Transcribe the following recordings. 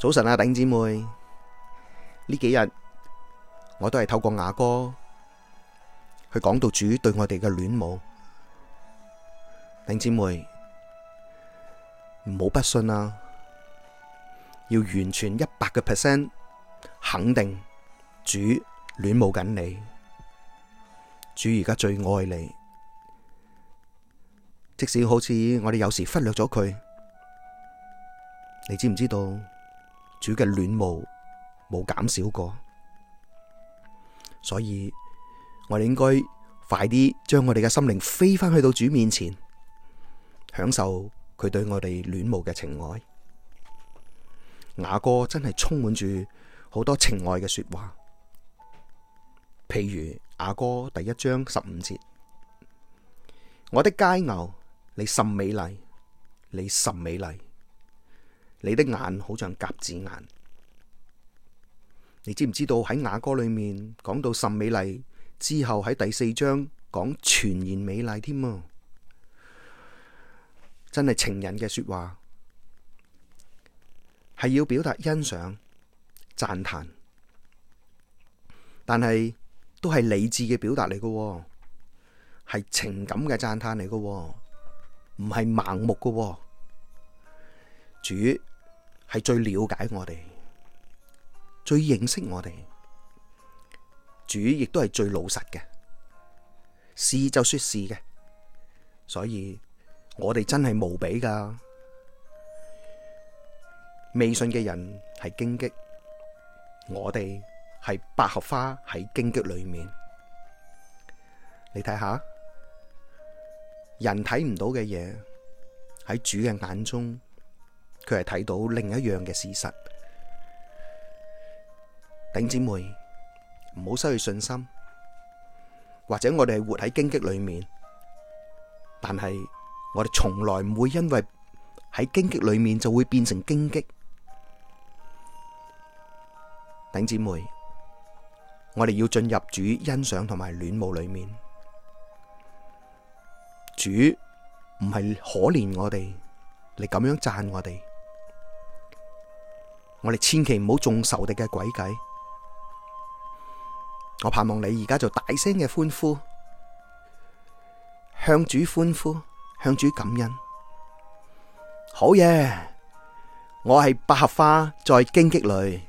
早晨啊，頂姐妹，呢幾日我都係透過雅歌去講到主對我哋嘅戀慕。頂姐妹，唔好不信啊，要完全一百個 percent 肯定主戀慕緊你，主而家最愛你，即使好似我哋有時忽略咗佢，你知唔知道？主嘅戀慕冇減少過，所以我哋應該快啲將我哋嘅心靈飛翻去到主面前，享受佢對我哋戀慕嘅情愛。雅歌真係充滿住好多情愛嘅說話，譬如雅歌第一章十五節：我的佳偶，你甚美麗，你甚美麗。你的眼好像鴿子眼，你知唔知道喺雅歌裏面講到甚美麗之後喺第四章講全然美麗添啊！真係情人嘅說話，係要表達欣賞、讚嘆，但係都係理智嘅表達嚟嘅，係情感嘅讚嘆嚟嘅，唔係盲目嘅，主。係最了解我哋、最認識我哋，主亦都係最老實嘅，是就說是嘅，所以我哋真係無比㗎。未信嘅人係荊棘，我哋係百合花喺荊棘裏面。你睇下，人睇唔到嘅嘢喺主嘅眼中。佢係睇到另一樣嘅事實，頂姊妹唔好失去信心，或者我哋係活喺荊棘裏面，但係我哋從來唔會因為喺荊棘裏面就會變成荊棘。頂姊妹，我哋要進入主欣賞同埋戀慕裏面，主唔係可憐我哋，你咁樣讚我哋。我哋千祈唔好中仇敵嘅詭計。我盼望你而家就大聲嘅歡呼，向主歡呼，向主感恩。好嘢！我係百合花在荊棘裏，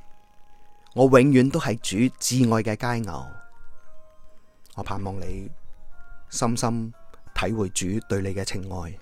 我永遠都係主至愛嘅佳偶。我盼望你深深體會主對你嘅情愛。